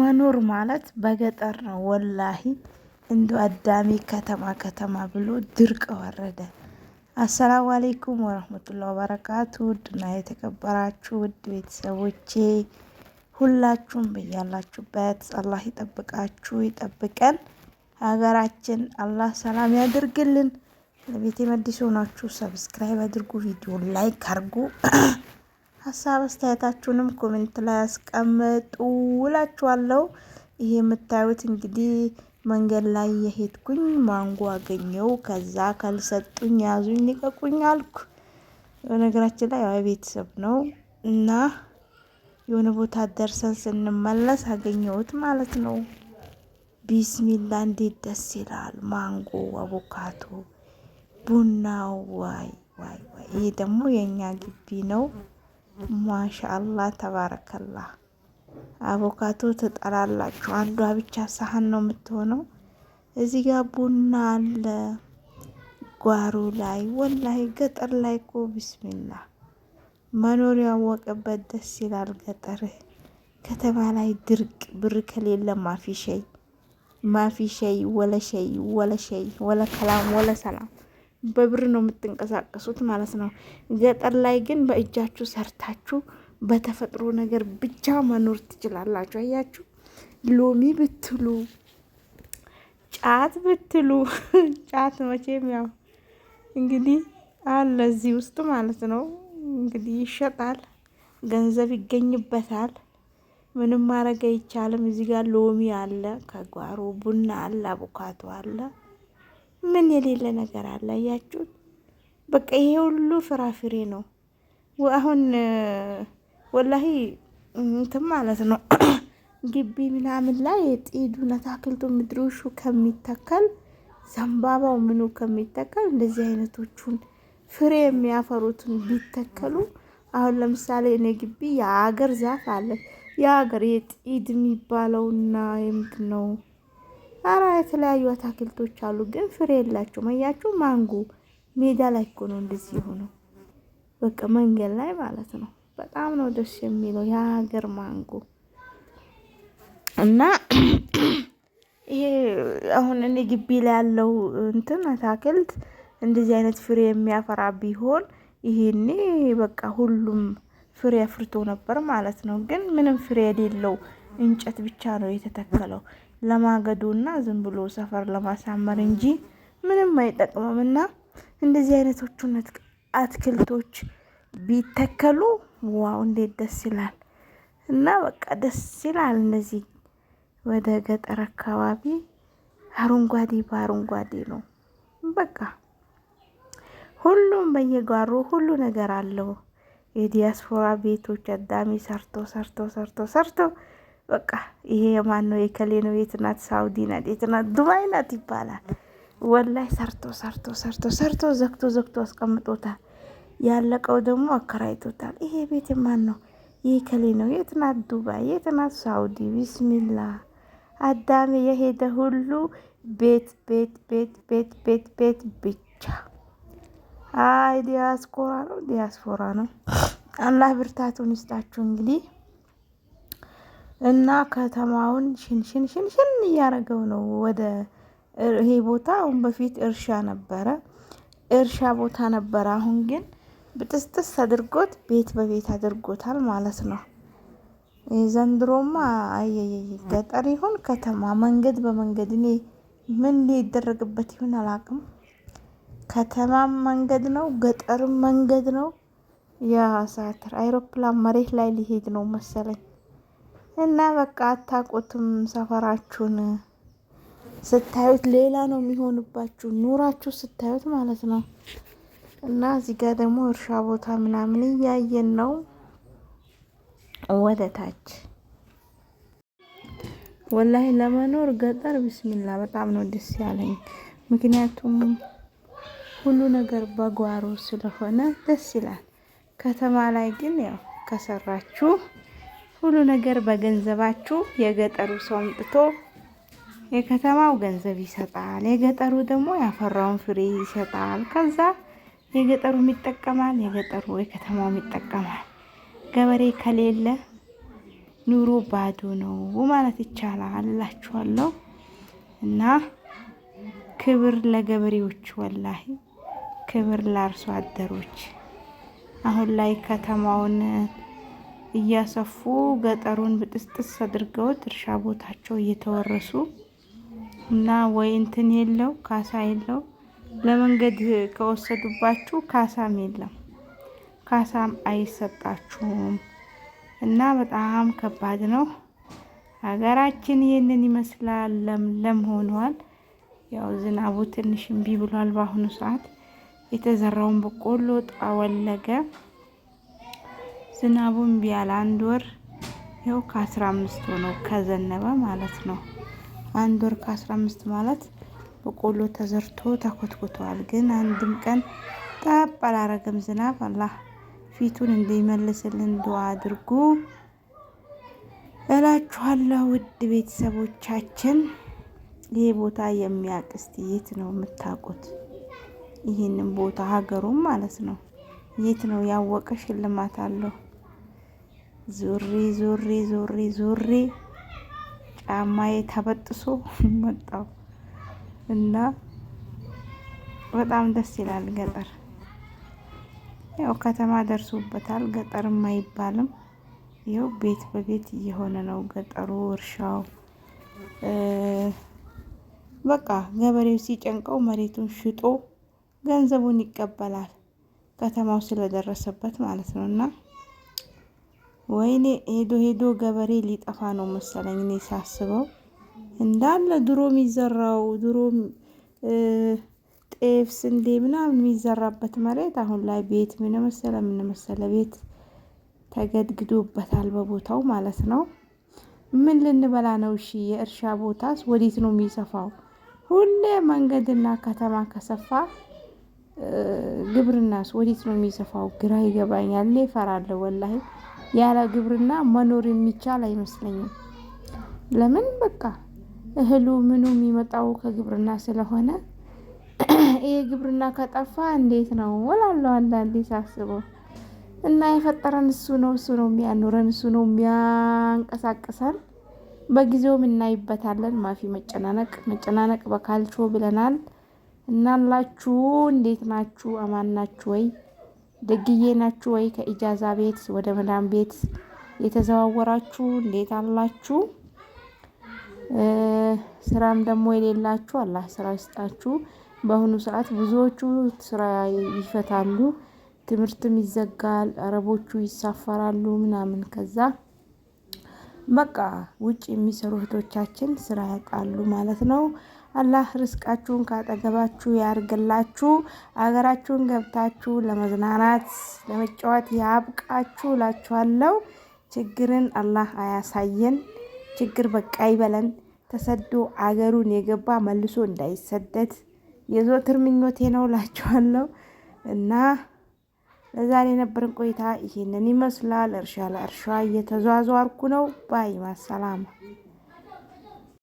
መኖር ማለት በገጠር ነው። ወላሂ እንደ አዳሜ ከተማ ከተማ ብሎ ድርቅ ወረደ። አሰላሙ አሌይኩም ወረህመቱላሂ ወበረካቱ ውድና የተከበራችሁ ውድ ቤተሰቦቼ ሁላችሁም በያላችሁበት አላህ ይጠብቃችሁ ይጠብቀን። ሀገራችን አላህ ሰላም ያድርግልን። ለቤቴ መዲስ ሆናችሁ ሰብስክራይብ አድርጉ፣ ቪዲዮ ላይክ አድርጉ። ሀሳብ አስተያየታችሁንም ኮሜንት ላይ አስቀምጡ ውላችኋለሁ ይህ የምታዩት እንግዲህ መንገድ ላይ የሄድኩኝ ማንጎ አገኘው። ከዛ ካልሰጡኝ ያዙኝ ልቀቁኝ አልኩ። በነገራችን ላይ ያው ቤተሰብ ነው እና የሆነ ቦታ ደርሰን ስንመለስ አገኘሁት ማለት ነው። ቢስሚላ እንዴት ደስ ይላል! ማንጎ፣ አቮካቶ፣ ቡናው ዋይ ዋይ ዋይ! ይሄ ደግሞ የእኛ ግቢ ነው። ማሻአላ ተባረከላ። አቮካቶ ትጠላላችሁ። አንዷ ብቻ ሳህን ነው የምትሆነው። እዚህ ጋር ቡና አለ ጓሮ ላይ ወላሂ ገጠር ላይ እኮ ቢስሚላ መኖር ያወቀበት ደስ ይላል። ገጠር ከተማ ላይ ድርቅ ብር ከሌለ ማፊሸይ ማፊሸይ ወለሸይ ወለሸይ ወለከላም ወለሰላም በብር ነው የምትንቀሳቀሱት ማለት ነው። ገጠር ላይ ግን በእጃችሁ ሰርታችሁ በተፈጥሮ ነገር ብቻ መኖር ትችላላችሁ። አያችሁ፣ ሎሚ ብትሉ ጫት ብትሉ ጫት መቼም ያው እንግዲህ አለ እዚህ ውስጥ ማለት ነው። እንግዲህ ይሸጣል፣ ገንዘብ ይገኝበታል። ምንም ማድረግ አይቻልም። እዚህ ጋር ሎሚ አለ፣ ከጓሮ ቡና አለ፣ አቡካቶ አለ። ምን የሌለ ነገር አለ? አያችሁት? በቃ ይሄ ሁሉ ፍራፍሬ ነው። አሁን ወላሂ እንትን ማለት ነው ግቢ ምናምን ላይ የጤዱን አታክልቱ ምድሮሹ ከሚተከል ዘንባባው ምኑ ከሚተከል እንደዚህ አይነቶቹን ፍሬ የሚያፈሩትን ቢተከሉ አሁን ለምሳሌ እኔ ግቢ የአገር ዛፍ አለ። የአገር የጢድ የሚባለውና የምንድን ነው አራ የተለያዩ አታክልቶች አሉ፣ ግን ፍሬ የላቸው አያችሁ ማንጎ ሜዳ ላይ እኮ ነው እንደዚህ የሆነው፣ በቃ መንገድ ላይ ማለት ነው። በጣም ነው ደስ የሚለው የሀገር ማንጎ እና ይሄ አሁን እኔ ግቢ ላይ ያለው እንትን አታክልት እንደዚህ አይነት ፍሬ የሚያፈራ ቢሆን ይሄኔ በቃ ሁሉም ፍሬ አፍርቶ ነበር ማለት ነው። ግን ምንም ፍሬ የሌለው እንጨት ብቻ ነው የተተከለው። ለማገዶና ዝም ብሎ ሰፈር ለማሳመር እንጂ ምንም አይጠቅምም። እና እንደዚህ አይነቶቹ አትክልቶች ቢተከሉ ዋው እንዴት ደስ ይላል! እና በቃ ደስ ይላል። እነዚህ ወደ ገጠር አካባቢ አረንጓዴ በአረንጓዴ ነው። በቃ ሁሉም በየጓሮ ሁሉ ነገር አለው። የዲያስፖራ ቤቶች አዳሚ ሰርቶ ሰርቶ ሰርቶ ሰርቶ በቃ ይሄ የማን ነው? የከሌ ነው? የትናት ሳውዲ ናት፣ የትናት ዱባይ ናት ይባላል። ወላይ ሰርቶ ሰርቶ ሰርቶ ሰርቶ ዘግቶ ዘግቶ አስቀምጦታል። ያለቀው ደግሞ አከራይቶታል። ይሄ ቤት የማን ነው? ከሌ ነው? የትናት ዱባይ፣ የትናት ሳውዲ። ቢስሚላ አዳሜ የሄደ ሁሉ ቤት ቤት ቤት ቤት ቤት ቤት ብቻ። አይ ዲያስፖራ ነው ዲያስፖራ ነው። አላህ ብርታቱን ይስጣችሁ እንግዲህ እና ከተማውን ሽንሽን ሽንሽን እያደረገው ነው። ወደ ይሄ ቦታ አሁን በፊት እርሻ ነበረ፣ እርሻ ቦታ ነበረ። አሁን ግን ብጥስጥስ አድርጎት ቤት በቤት አድርጎታል ማለት ነው። ዘንድሮማ አየየይ ገጠር ይሁን ከተማ መንገድ በመንገድ እኔ ምን ሊደረግበት ይሁን አላቅም። ከተማም መንገድ ነው፣ ገጠርም መንገድ ነው። ያ ሳትር አይሮፕላን መሬት ላይ ሊሄድ ነው መሰለኝ። እና በቃ አታውቁትም ሰፈራችሁን ስታዩት ሌላ ነው የሚሆንባችሁ፣ ኑራችሁ ስታዩት ማለት ነው። እና እዚህ ጋር ደግሞ እርሻ ቦታ ምናምን እያየን ነው። ወደ ታች ወላሂ ለመኖር ገጠር ቢስሚላ በጣም ነው ደስ ያለኝ። ምክንያቱም ሁሉ ነገር በጓሮ ስለሆነ ደስ ይላል። ከተማ ላይ ግን ያው ከሰራችሁ ሁሉ ነገር በገንዘባችሁ የገጠሩ ሰው አምጥቶ የከተማው ገንዘብ ይሰጣል፣ የገጠሩ ደግሞ ያፈራውን ፍሬ ይሰጣል። ከዛ የገጠሩ ይጠቀማል፣ የገጠሩ የከተማው ይጠቀማል። ገበሬ ከሌለ ኑሮ ባዶ ነው ማለት ይቻላል አላችኋለሁ እና ክብር ለገበሬዎች፣ ወላሂ ክብር ለአርሶ አደሮች። አሁን ላይ ከተማውን እያሰፉ ገጠሩን ብጥስጥስ አድርገውት እርሻ ቦታቸው እየተወረሱ እና ወይ እንትን የለው ካሳ የለው ለመንገድ ከወሰዱባችሁ ካሳም የለም ካሳም አይሰጣችሁም እና በጣም ከባድ ነው። ሀገራችን ይህንን ይመስላል። ለምለም ሆኗል። ያው ዝናቡ ትንሽ እምቢ ብሏል። በአሁኑ ሰዓት የተዘራውን በቆሎ ጠወለገ። ዝናቡን ቢያል አንድ ወር ይኸው ከአስራ አምስት ሆኖ ከዘነበ ማለት ነው። አንድ ወር ከአስራ አምስት ማለት በቆሎ ተዘርቶ ተኮትኩተዋል። ግን አንድም ቀን ጠብ አላረገም ዝናብ። አላህ ፊቱን እንዲመልስልን ዱዓ አድርጉ እላችኋለሁ። ውድ ቤተሰቦቻችን ይሄ ቦታ የሚያቅስት የት ነው የምታውቁት? ይህንን ቦታ ሀገሩም ማለት ነው የት ነው ያወቀ ሽልማት አለው። ዙሪ ዙሪ ዙሪ ዙሪ ጫማዬ ተበጥሶ መጣው እና በጣም ደስ ይላል። ገጠር ያው ከተማ ደርሶበታል፣ ገጠርም አይባልም። ይኸው ቤት በቤት እየሆነ ነው ገጠሩ። እርሻው በቃ ገበሬው ሲጨንቀው መሬቱን ሽጦ ገንዘቡን ይቀበላል። ከተማው ስለደረሰበት ማለት ነው እና ወይኔ ሄዶ ሄዶ ገበሬ ሊጠፋ ነው መሰለኝ እኔ ሳስበው። እንዳለ ድሮ የሚዘራው ድሮ ጤፍ፣ ስንዴ ምናምን የሚዘራበት መሬት አሁን ላይ ቤት ምን መሰለ ምን መሰለ ቤት ተገድግዶበታል በቦታው ማለት ነው። ምን ልንበላ ነው? እሺ የእርሻ ቦታስ ወዴት ነው የሚሰፋው? ሁሌ መንገድና ከተማ ከሰፋ ግብርናስ ወዴት ነው የሚሰፋው? ግራ ይገባኛል። እኔ እፈራለሁ ወላሂ። ያለ ግብርና መኖር የሚቻል አይመስለኝም። ለምን በቃ እህሉ ምኑ የሚመጣው ከግብርና ስለሆነ ይሄ ግብርና ከጠፋ እንዴት ነው እላለሁ አንዳንዴ ሳስበው። እና የፈጠረን እሱ ነው፣ እሱ ነው የሚያኖረን፣ እሱ ነው የሚያንቀሳቅሰን። በጊዜውም እናይበታለን። ማፊ መጨናነቅ መጨናነቅ በካልቾ ብለናል። እናላችሁ እንዴት ናችሁ? አማን ናችሁ ወይ? ደግዬ ናችሁ ወይ? ከኢጃዛ ቤት ወደ መዳም ቤት የተዘዋወራችሁ እንዴት አላችሁ? ስራም ደግሞ የሌላችሁ አላህ ስራ ይስጣችሁ። በአሁኑ ሰዓት ብዙዎቹ ስራ ይፈታሉ፣ ትምህርትም ይዘጋል፣ አረቦቹ ይሳፈራሉ ምናምን። ከዛ በቃ ውጭ የሚሰሩ እህቶቻችን ስራ ያጣሉ ማለት ነው። አላህ ርስቃችሁን ካጠገባችሁ ያርግላችሁ። አገራችሁን ገብታችሁ ለመዝናናት ለመጫወት ያብቃችሁ እላችኋለሁ። ችግርን አላህ አያሳየን። ችግር በቃ ይበለን። ተሰዶ አገሩን የገባ መልሶ እንዳይሰደድ የዘወትር ምኞቴ ነው እላችኋለሁ እና ለዛሬ የነበረን ቆይታ ይህንን ይመስላል። እርሻ ለእርሻ እየተዟዟርኩ ነው። ባይ ማሰላማ